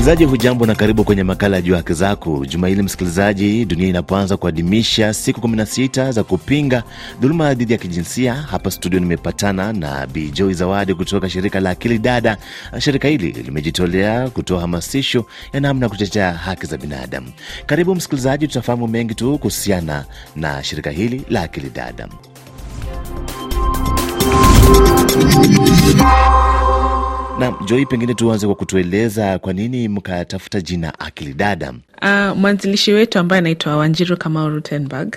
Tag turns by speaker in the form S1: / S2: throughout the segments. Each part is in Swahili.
S1: Msikilizaji hujambo na karibu kwenye makala ya Jua Haki Zako. Juma hili msikilizaji, dunia inapoanza kuadhimisha siku 16 za kupinga dhuluma dhidi ya kijinsia, hapa studio nimepatana na Bi Joy Zawadi kutoka shirika la Akili Dada. Shirika hili limejitolea kutoa hamasisho ya namna ya kutetea haki za binadamu. Karibu msikilizaji, tutafahamu mengi tu kuhusiana na shirika hili la Akili Dada. Na Joi, pengine tuanze kwa kutueleza kwa nini mkatafuta jina akili dada.
S2: Uh, mwanzilishi wetu ambaye anaitwa Wanjiru Kamau Rutenberg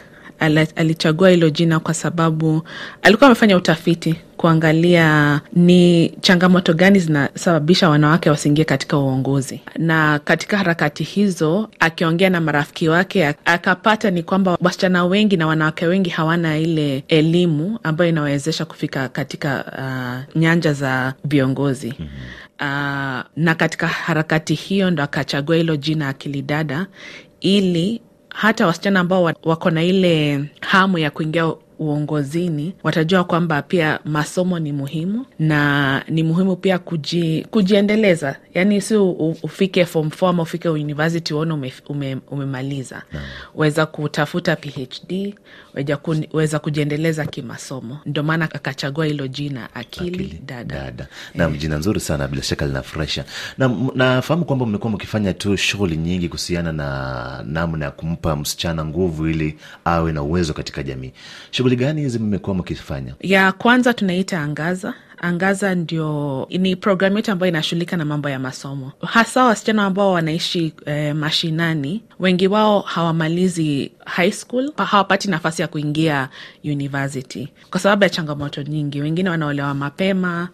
S2: alichagua hilo jina kwa sababu alikuwa amefanya utafiti kuangalia ni changamoto gani zinasababisha wanawake wasiingie katika uongozi. Na katika harakati hizo, akiongea na marafiki wake, akapata ni kwamba wasichana wengi na wanawake wengi hawana ile elimu ambayo inawezesha kufika katika uh, nyanja za viongozi mm -hmm. Uh, na katika harakati hiyo ndo akachagua hilo jina akilidada ili hata wasichana ambao wako na ile hamu ya kuingia uongozini watajua kwamba pia masomo ni muhimu na ni muhimu pia kuji, kujiendeleza yani si ufike form four ama ufike university uone ume, ume, umemaliza no. weza kutafuta phd weza, ku, weza kujiendeleza kimasomo ndio maana akachagua hilo jina akili, akili dada, dada.
S1: nam eh. jina nzuri sana bila shaka linafurahisha nafahamu na kwamba mmekuwa mkifanya tu shughuli nyingi kuhusiana na namna ya kumpa msichana nguvu ili awe na uwezo katika jamii shughuli shughuli gani hizi mmekuwa mkifanya?
S2: Ya kwanza tunaita Angaza. Angaza ndio ni programu yetu ambayo inashughulika na mambo ya masomo, hasa wasichana ambao wanaishi eh, mashinani. Wengi wao hawamalizi high school, hawapati nafasi ya kuingia university kwa sababu ya changamoto nyingi. Wengine wanaolewa mapema,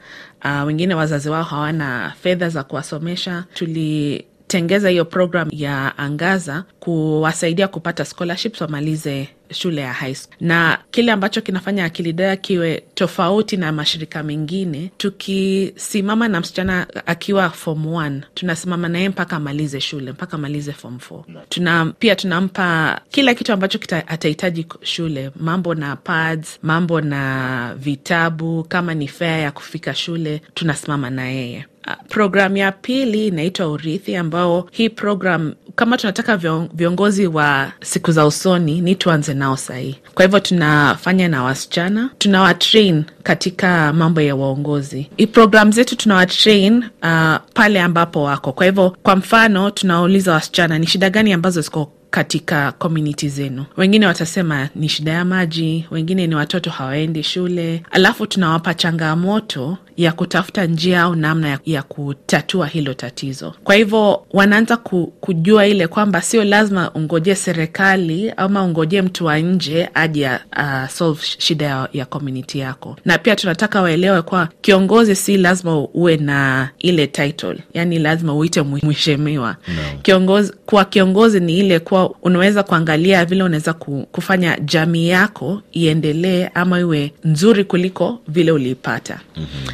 S2: uh, wengine wazazi wao hawana fedha za kuwasomesha. tuli tengeza hiyo programu ya Angaza kuwasaidia kupata scholarships wamalize shule ya high school. Na kile ambacho kinafanya Akili Dada kiwe tofauti na mashirika mengine, tukisimama na msichana akiwa form 1 tunasimama naye mpaka amalize shule, mpaka amalize form Tuna pia tunampa kila kitu ambacho atahitaji shule, mambo na pads, mambo na vitabu, kama ni fea ya kufika shule, tunasimama na yeye. Ah, programu ya pili inaitwa Urithi, ambao hii programu kama tunataka viongozi wa siku za usoni, ni tuanze nao sahii. Kwa hivyo tunafanya na wasichana, tunawatrain katika mambo ya uongozi. Programu zetu tunawatrain uh, pale ambapo wako. Kwa hivyo, kwa mfano, tunawauliza wasichana ni shida gani ambazo ziko katika komuniti zenu. Wengine watasema ni shida ya maji, wengine ni watoto hawaendi shule, alafu tunawapa changamoto ya kutafuta njia au namna ya, ya kutatua hilo tatizo. Kwa hivyo wanaanza ku, kujua ile kwamba sio lazima ungojee serikali ama ungojee mtu wa nje aje uh, solve shida ya, ya komuniti yako. Na pia tunataka waelewe kwa kiongozi si lazima uwe na ile title, yani lazima uite mheshimiwa no. Kiongozi, kwa kiongozi ni ile kuwa unaweza kuangalia vile unaweza kufanya jamii yako iendelee ama iwe nzuri kuliko vile uliipata. mm-hmm.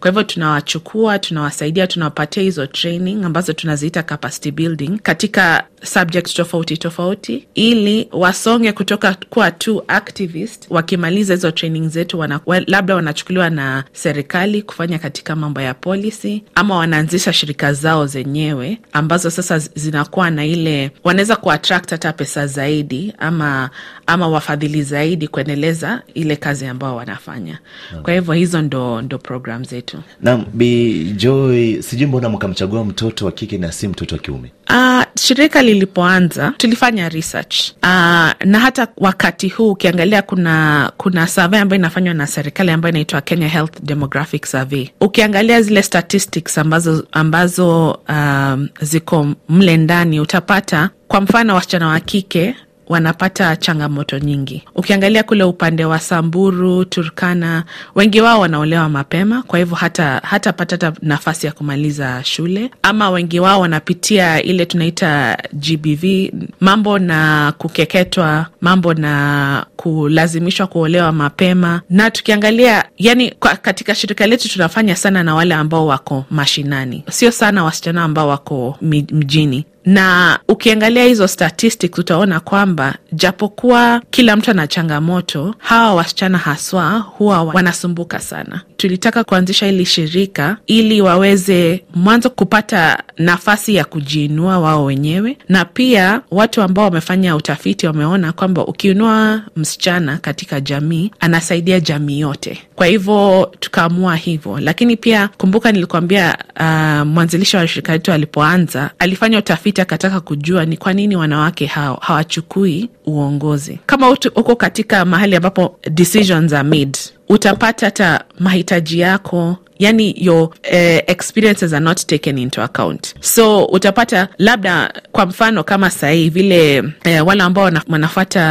S2: Kwa hivyo tunawachukua, tunawasaidia, tunawapatia hizo training ambazo tunaziita capacity building katika subjects tofauti tofauti, ili wasonge kutoka kuwa tu activist. Wakimaliza hizo training zetu wana, labda wanachukuliwa na serikali kufanya katika mambo ya policy, ama wanaanzisha shirika zao zenyewe ambazo sasa zinakuwa na ile, wanaweza kuattract hata pesa zaidi ama, ama wafadhili zaidi kuendeleza ile kazi ambao wanafanya. Hmm. Kwa hivyo hizo ndo, ndo program zetu mtoto.
S1: Naam, Bi Joy, sijui mbona mkamchagua mtoto wa kike na si mtoto wa kiume?
S2: Uh, shirika lilipoanza tulifanya research uh, na hata wakati huu ukiangalia kuna kuna survey ambayo inafanywa na serikali ambayo inaitwa Kenya Health Demographic Survey. Ukiangalia zile statistics ambazo ambazo um, ziko mle ndani utapata kwa mfano wasichana wa kike wanapata changamoto nyingi. Ukiangalia kule upande wa Samburu, Turkana, wengi wao wanaolewa mapema, kwa hivyo hata hatapata nafasi ya kumaliza shule, ama wengi wao wanapitia ile tunaita GBV, mambo na kukeketwa, mambo na kulazimishwa kuolewa mapema. Na tukiangalia yani, kwa katika shirika letu tunafanya sana na wale ambao wako mashinani, sio sana wasichana ambao wako mjini na ukiangalia hizo statistics utaona kwamba japokuwa kila mtu ana changamoto, hawa wasichana haswa huwa wanasumbuka sana. Tulitaka kuanzisha hili shirika ili waweze mwanzo kupata nafasi ya kujiinua wao wenyewe, na pia watu ambao wamefanya utafiti wameona kwamba ukiinua msichana katika jamii anasaidia jamii yote. Kwa hivyo tukaamua hivyo, lakini pia kumbuka nilikuambia, uh, mwanzilishi wa shirika letu alipoanza alifanya utafiti uliopita akataka kujua ni kwa nini wanawake hao hawachukui uongozi. Kama uko katika mahali ambapo decisions are made, utapata hata mahitaji yako yani your uh, experiences are not taken into account. So utapata labda kwa mfano kama sahii vile uh, wale ambao wanafata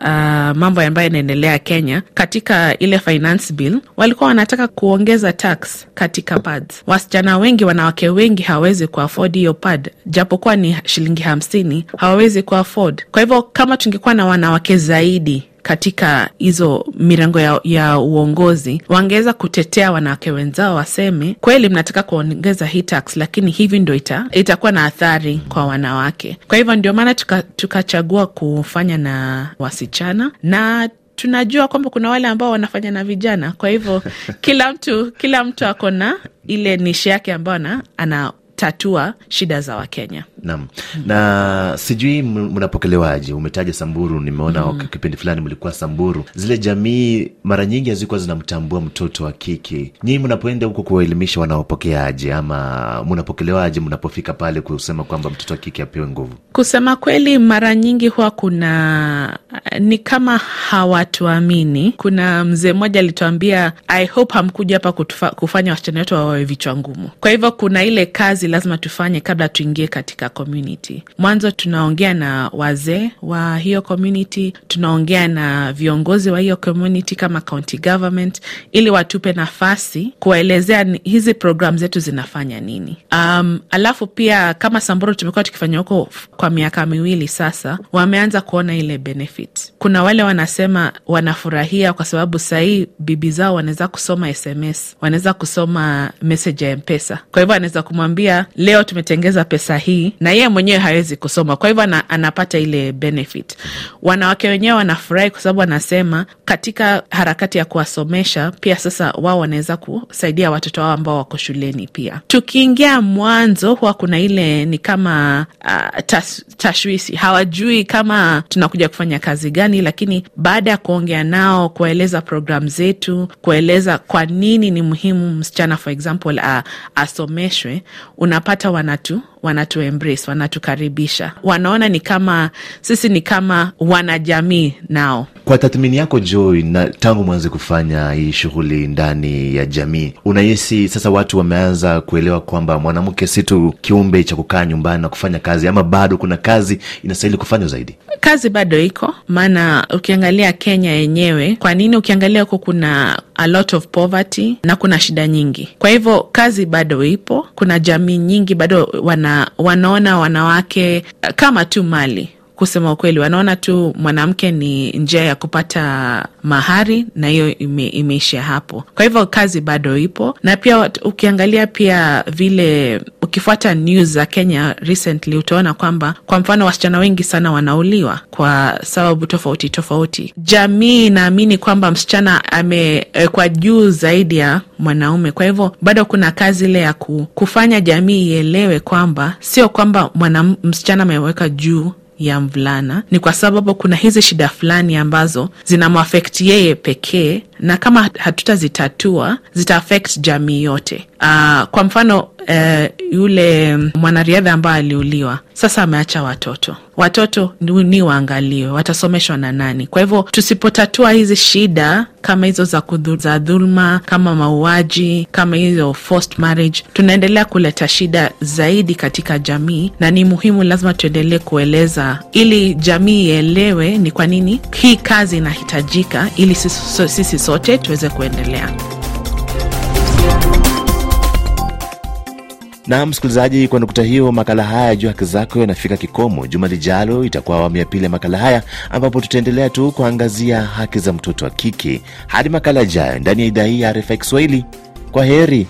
S2: uh, ah, mambo ambayo yanaendelea Kenya katika ile finance bill, walikuwa wanataka kuongeza tax katika pads. Wasichana wengi, wanawake wengi hawawezi kuafod hiyo pad, japokuwa ni shilingi hamsini, hawawezi kuafod. Kwa hivyo kama tungekuwa na wanawake zaidi katika hizo mirengo ya, ya uongozi wangeweza kutetea wanawake wenzao, waseme kweli, mnataka kuongeza hii tax, lakini hivi ndo ita, itakuwa na athari kwa wanawake. Kwa hivyo ndio maana tukachagua tuka kufanya na wasichana na tunajua kwamba kuna wale ambao wanafanya na vijana. Kwa hivyo kila mtu kila mtu ako na ile nishi yake ambayo ana tatua shida za Wakenya.
S1: Naam, na sijui mnapokelewaje? Umetaja Samburu, nimeona mm. kipindi fulani mlikuwa Samburu. Zile jamii mara nyingi hazikuwa zinamtambua mtoto wa kike. Nyinyi mnapoenda huko kuwaelimisha, wanaopokeaje ama mnapokelewaje mnapofika pale kusema kwamba mtoto wa kike apewe nguvu?
S2: Kusema kweli, mara nyingi huwa kuna ni kama hawatuamini. Kuna mzee mmoja alituambia, I hope hamkuja hapa kutufa, kufanya wasichana wetu wawawe vichwa ngumu. Kwa hivyo kuna ile kazi mazoezi lazima tufanye kabla tuingie katika community. Mwanzo tunaongea na wazee wa hiyo community, tunaongea na viongozi wa hiyo community kama county government, ili watupe nafasi kuwaelezea hizi programu zetu zinafanya nini. Um, alafu pia kama Samburu tumekuwa tukifanya huko kwa miaka miwili sasa, wameanza kuona ile benefit. Kuna wale wanasema wanafurahia kwa sababu sahii bibi zao wanaweza kusoma SMS, wanaweza kusoma meseji ya Mpesa, kwa hivyo anaweza kumwambia leo tumetengeza pesa hii, na yeye mwenyewe hawezi kusoma, kwa hivyo anapata ile benefit. Wanawake wenyewe wanafurahi kwa sababu wanasema katika harakati ya kuwasomesha pia sasa wao wanaweza kusaidia watoto wao ambao wako shuleni pia. Tukiingia mwanzo, huwa kuna ile ni kama uh, tas, tashwisi hawajui kama tunakuja kufanya kazi gani, lakini baada ya kuongea nao, kuwaeleza programu zetu, kueleza kwa nini ni muhimu msichana for example uh, asomeshwe unapata wanatu wanatu embrace, wanatukaribisha, wanaona ni kama sisi ni kama wanajamii nao.
S1: Kwa tathmini yako Joy, na tangu mwanze kufanya hii shughuli ndani ya jamii, unahisi sasa watu wameanza kuelewa kwamba mwanamke si tu kiumbe cha kukaa nyumbani na kufanya kazi, ama bado kuna kazi inastahili kufanywa zaidi?
S2: Kazi bado iko, maana ukiangalia Kenya yenyewe, kwa nini ukiangalia huko kuna a lot of poverty na kuna shida nyingi, kwa hivyo kazi bado ipo, kuna jamii nyingi bado wana wanaona wanawake kama tu mali kusema ukweli, wanaona tu mwanamke ni njia ya kupata mahari na hiyo ime, imeishia hapo. Kwa hivyo kazi bado ipo, na pia ukiangalia pia vile ukifuata news za Kenya recently utaona kwamba kwa mfano wasichana wengi sana wanauliwa kwa sababu tofauti tofauti. Jamii inaamini kwamba msichana amewekwa juu zaidi ya mwanaume, kwa hivyo bado kuna kazi ile ya kufanya jamii ielewe kwamba sio kwamba msichana ameweka juu ya mvulana ni kwa sababu kuna hizi shida fulani ambazo zinamwafekti yeye pekee na kama hatutazitatua zita affect jamii yote. Uh, kwa mfano uh, yule mwanariadha ambaye aliuliwa sasa ameacha watoto. Watoto ni waangaliwe, watasomeshwa na nani? Kwa hivyo tusipotatua hizi shida kama hizo za, kudhu, za dhuluma kama mauaji kama hizo forced marriage, tunaendelea kuleta shida zaidi katika jamii, na ni muhimu, lazima tuendelee kueleza ili jamii ielewe ni kwa nini hii kazi inahitajika ili sisi, sisi sote tuweze kuendelea.
S1: Na msikilizaji, kwa nukta hiyo, makala haya juu haki zako yanafika kikomo. Juma lijalo itakuwa awamu ya pili ya makala haya, ambapo tutaendelea tu kuangazia haki za mtoto wa kike. Hadi makala ijayo ndani ya idhaa hii ya RFI Kiswahili, kwa heri.